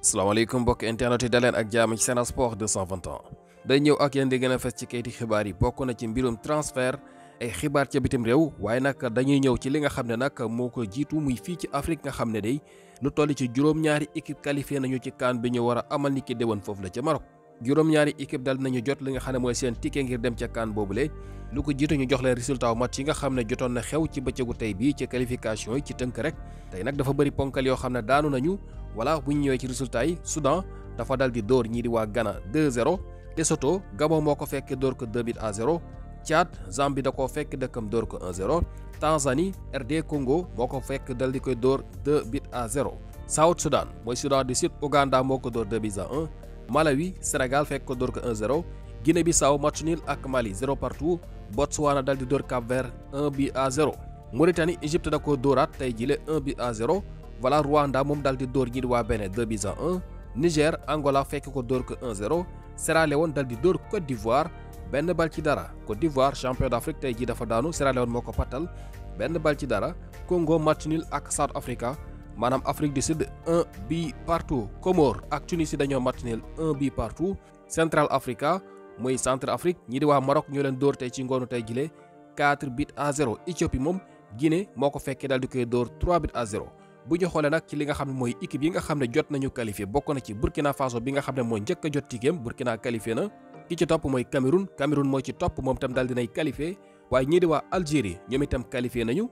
salaamaaleykum mbokk internet yi daleen ak jaamu ci Sen Sport 221 day ñëw ak yéen di gën a ci kayiti xibaar yi bokk na ci mbirum transfert ay xibaar ca bitim réew waaye nag dañuy ñëw ci li nga xam ne nag moo ko jiitu muy fii ci Afrique nga xam ne day lu toll ci juróom-ñaari équipe qualifié nañu ci CAN bi ñu war a amal ni ki déwoon foofu la ca Maroc juróom-ñaari équipe dal nañu jot li nga xam ne mooy seen ticket ngir dem ca CAN boobule lu ko jiitu ñu jox leen résultat match nga xam ne jotoon na xew ci bëccëgu tey bii ci qualification yi ci tënk rek tey nag dafa bëri ponkal xam ne daanu nañu voilà vous ñu ci résultat Soudan dafa daldi dor Ghana 2-0 Lesotho Gabon moko fekk 2 0 Tchad Zambie da koo fekk 1-0 Tanzanie RD Congo Moko fekk 2 0 South Sudan Soudan du Sud Ouganda Moko door 2 1 Malawi Sénégal fekk ko 1-0 Guinée Bissau match nul Mali 0 partout Botswana dal Dor Cap Vert 1 0 Mauritanie Égypte da dorat 1 0 voilà Rwanda mom dal di dóor 2 buts à 1 Niger Angola fekk ko ko 1-0 Sierra Leone dal di Côte d'Ivoire ben bal ci dara Côte d'Ivoire champion d'Afrique tay ji dafa daanu Sierra Leone moko ci dara Congo match nul ak South Africa manam Afrique du Sud 1 bi partout Comor, ak Tunisie Matinil match nul 1 bi partout Central Africa moy Centre Afrique ñi di Maroc ñoo leen dóor 4 buts à 0 Éthiopie mom Guinée Moko ko dal di koy 3 buts à 0 bu ñu xoolee nag ci li nga xam ne mooy équipe yi nga xam ne jot nañu qualifié bokk na ci Burkina Faso bi nga xam ne mooy njëkk a jot tigeem Burkina qualifié na ki ci topp mooy Cameroun Cameroun mooy ci topp moom itam daal dinay qualifié waaye ñii di waa Algérie ñoom itam qualifié nañu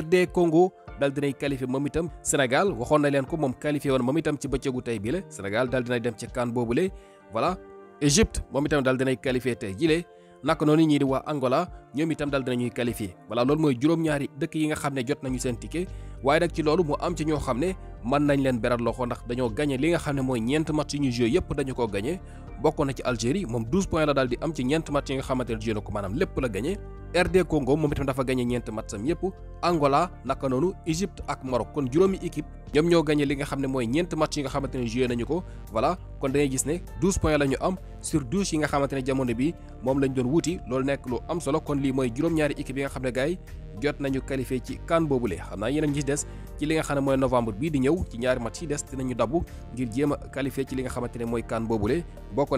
RD Congo dal dinay qualifié moom itam Sénégal waxoon na leen ko moom qualifié woon moom itam ci bëccëgu tey bi la Sénégal dal dinay dem ci boobu boobule wala Égypte moom itam dal dinay qualifié tey jile naka noonu ñii waa Angola ñoom itam dal dinañuy qualifié voilà loolu mooy juróom-ñaari dëkk yi nga xam ne jot nañu seen ticket waaye nag ci loolu mu am ci ñoo xam ne mën nañ leen beral loxo ndax dañoo gagné li nga xam ne mooy ñeent match yu ñu joué yëpp dañu ko gagné bokk na ci Algérie moom 12 points la daal di am ci ñeent match yi nga xamante ne joué na ko maanaam lépp la gagné RD Congo moom itam dafa gagné ñeent matsam yépp Angola naka noonu Égypte ak Maroc kon juróomi équipe ñoom ñoo gagné li nga xam ne mooy ñeent match yi nga xamante ne joué nañu ko voilà kon dañuy gis ne 12 points la ñu am sur yi nga xamante ne jamono bi moom lañ doon wuti loolu nekk lu am solo kon lii mooy juróom-ñaari équipe yi nga xam ne gars yi jot nañu qualifié ci kan boobule xam naa yeneen gis des ci li nga xam ne mooy novembre bii di ñëw ci ñaari match yi a qualifié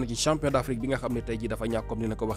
na ci champion d'Afrique bi nga xam ne tey ji dafa ñàkk comme ni na ko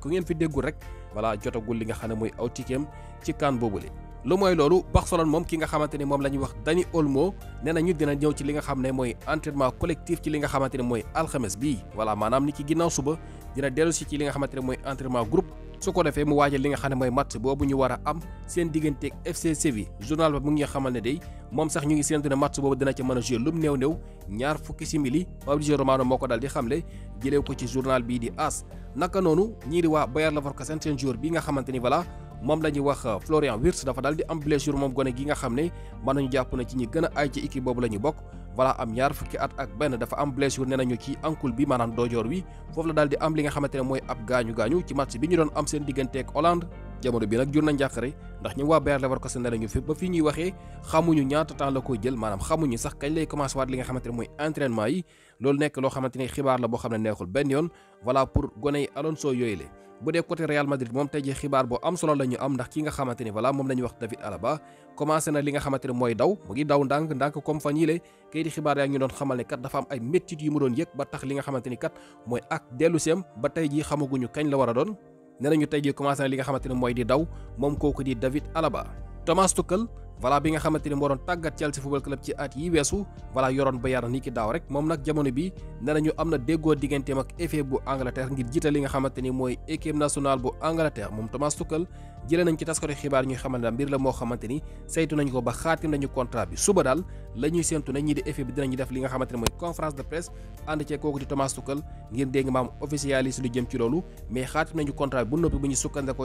ku ngeen fi déggul rek voilà jotagul li nga xam ne mooy aw tikem ci kaan boobule. lu mooy loolu Barcelone moom ki nga xamante ne moom la ñuy wax Dani Olmo nee nañu ñu dina ñëw ci li nga xam ne mooy entraînement collectif ci li nga xamante ne mooy alxemes bi voilà maanaam ni ci ginnaaw suba dina dellu si ci li nga xamante ne mooy entraînement groupe. su ko defee mu waajal li nga xam ne mooy match boobu ñu war am seen digganteeg FC Séville journal ba mu ngi xamal ne day moom sax ñu ngi séentu ne match boobu dina ci mën a jouer lum néew néew ñaar fukki simili Fabrizio Romano moo ko daal di xamle jële ko ci journal bii di AS naka noonu ñii waa waa Bayer Leverkusen seen joueur bi nga xamante ni voilà moom la ñuy wax euh, Florian Wirtz dafa daal di am blessure moom gone gi nga xam ne mën nañu jàpp na ci ñi gën boobu la ñu bokk voilà am ñaar fukki at ak benn dafa am blessure nee nañu ci ankul bi maanaam doojoor wi foofu la daal di am li nga xamante ne mooy ab gaañu gaañu ci match bi ñu doon am seen digganteeg Hollande jamono bi nak jur na re? ndax ñu waa Bayer ko sendal ñu fi ba fi ñuy waxe xamuñu ñaata temps la ko jël manam xamuñu sax kañ lay commencé wat li nga xamanteni moy entraînement yi lool nek lo xamanteni ne la bo xamne neexul ben yon voilà pour Alonso yoyele bu côté Real Madrid mom tey jii xibaar am solo lañu am ndax ki nga xamanteni voilà mom lañu wax David Alaba commencé na li nga xamanteni moy daw mu ngi daw ndank ndank comme fan yii la kay di xibaar ya ngi doon xamal ne kat dafa am ay metti yu mu doon yek ba tax li nga xamanteni kat moy ak delusem ba tey xamaguñu kañ la wara doon nee nañu tey jii commencé na li nga xamante ne mooy di daw moom kooku di David Alaba Thomas Tuchel wala bi nga xamanteni mo doon tàggat Chelsea football club ci at yi weesu voilà yoroon Bayern ni ki daaw rek moom nag jamono bi ne ñu am na déggoo digganteem ak effet bu Angleterre ngir jiital li nga xamante ni mooy équipe nationale bu Angleterre moom Thomas Tuchel jëlee nañ ci taskati xibaar ñuy xamal ne mbir la moo xamante ni saytu nañ ko ba xaatim nañu contrat bi suba daal la ñuy ne di effet bi dinañu def li nga xamante ni mooy conférence de presse ànd cee kooku di Thomas Tuchel ngir dégg maam officialiste lu jëm ci loolu mais xaatim nañu contrat bi bu noppi bu ñu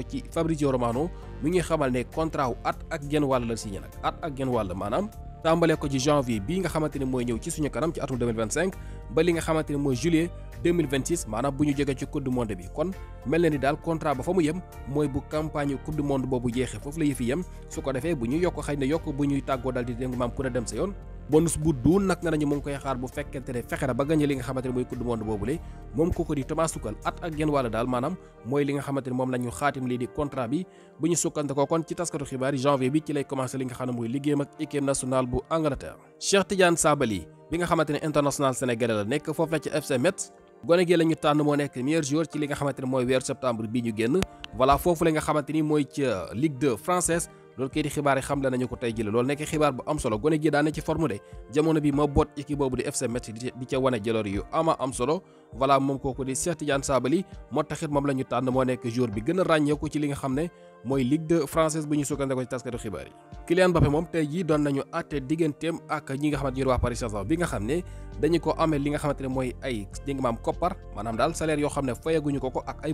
ci Fabrizio Romano mu ñuy xamal ne contrat wu at ak genn wàll la nag at ak genn wàll maanaam tàmbalee ko ci janvier bii nga xamante ne mooy ñëw ci suñu kanam ci atum 2025 ba li nga xamante ne mooy juillet 2026 maanaam bu ñu jógee ci coupe du monde bi kon mel na ni daal contrat ba fa mu yem mooy bu campagne coupe du monde boobu jeexee foofu la yëfi yem su ko defee bu ñu yokk xëy na yokk bu ñuy tàggoo daal di déngu ku ne dem sa yoon bonus bu duun nag nañu mu ngi koy xaar bu fekkente ne fexe na ba gañe li nga xamante ne mooy coupe du monde boobule moom kooku di Thomas Tuchel at ak genn wàll daal maanaam mooy li nga xamante moom la xaatim lii di contrat bi bu ñu sukkandikoo kon ci taskatu xibaar yi janvier bi ci lay commencé li nga xam ne mooy liggéeyam ak équipe nationale bu Angleterre. Cheikh Tidiane Sabaly bi nga xamante international sénégalais la nekk foofu la ci FC Metz. gone tànn moo nekk meilleur li nga xamante ne mooy weeru septembre bi ñu génn nga xamante ni mooy loolu kayiti xibaar yi xamle nañu ko tey jële loolu nekk xibaar bu am solo gone gi daane ci forme de jamono bi ma boot équipe boobu di FC Metz di ca wane jaloor yu ama am solo voilà moom kooku di Cheikh Tidiane Sabaly moo taxit moom la ñu tànn moo nekk joueur bi gën a ràññeeku ci li nga xam ne mooy Ligue 2 française bu ñu sukkandee ko ci taskatu xibaar yi Kylian Mbappé moom tey jii doon nañu àtte digganteem ak ñi nga xamante ñu waa Paris saint bi nga xam ne dañu ko amee li nga xamante ne mooy ay di nga maam koppar maanaam daal salaire yoo xam ne fayaguñu ko ko ak ay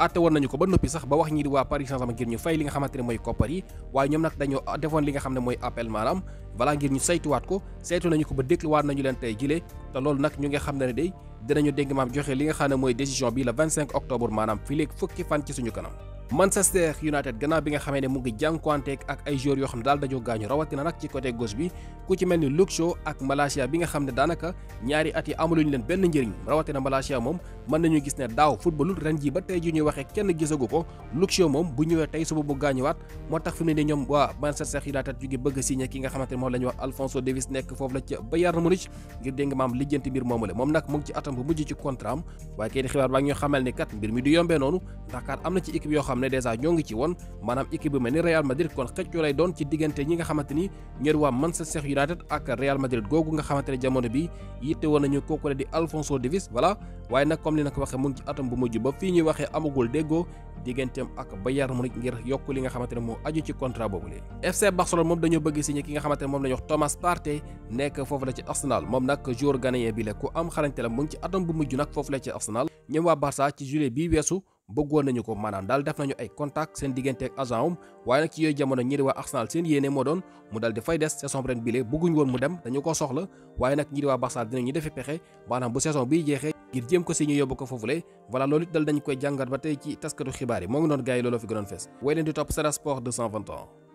atte woon nañu ko ba noppi sax ba wax ñi di waa Paris Saint-Germain ngir ñu fay li nga xamante ne mooy koppar yi waaye ñoom nag dañoo defoon li nga xam ne mooy appel maanaam voilà ngir ñu saytuwaat ko saytu nañu ko ba dékliwaat nañu leen tey jile te loolu nag ñu nga xam ne day dinañu dégg maam joxe li nga xam ne mooy décision bi le 25 octobre maanaam fii léegi fukki fan ci suñu kanam Manchester United gannaaw bi nga xamé ne mu ngi jankwanté ak ay joueurs yo xam dal dañu gañu rawati rawatina ci côté gauche bi ku ci melni ak Malaysia bi nga xam ne daanaka ñaari at yi amaluñu leen benn njëriñ rawatina malaysia mom man nañu gis né daw footballul ren ji ba tay ji ñu waxé kenn gisagu ko Luke Shaw bu ñëwé tay suba mu gaañuwaat moo tax fi ne ni Manchester United ju gi bëgg signé ki nga xamanté mo lañu wax Alphonso Davies nek fofu la ci Bayern Munich ngir dégg maam lijeenti bir momulé mom nak mu ngi ci atam bu mujj ci contrat am kay xibaar ba xamal né kat bir mi du yombé nonu dakar amna ci équipe yo xam xam ne dèjà ñoo ngi ci woon maanaam équipe bu mel ni Real Madrid kon xëccu lay doon ci diggante ñi nga xamante ni ñooy waa Manchester United ak Real Madrid googu nga xamante jamono bi yitte woon nañu kooku di Alphonso Davies voilà waaye nag comme li na ko waxee mun ci atam bu mujj ba fii ñuy waxee amagul déggoo digganteem ak Bayern Munich ngir yokk li nga xamante ne aju ci contrat boobu lee FC Barcelone moom dañoo bëgg signé ki nga xamante moom bëggoon nañu ko maanaam daal def nañu ay contact seen diggante ak agent am waaye nag ci yooyu jamono ñi di waa Arsenal seen yéene moo doon mu dal fay des saison ren bile woon mu dem dañu ko soxla waaye nag ñi di waa Barça dinañu defi pexe maanaam bu saison bi jeexee ngir jéem ko si ñu yóbbu ko foofule voilà loolu it dal dañ koy jàngat ba tey ci taskatu xibaar yi moo ngi noonu gars looloo fi gënoon fees way di topp Sen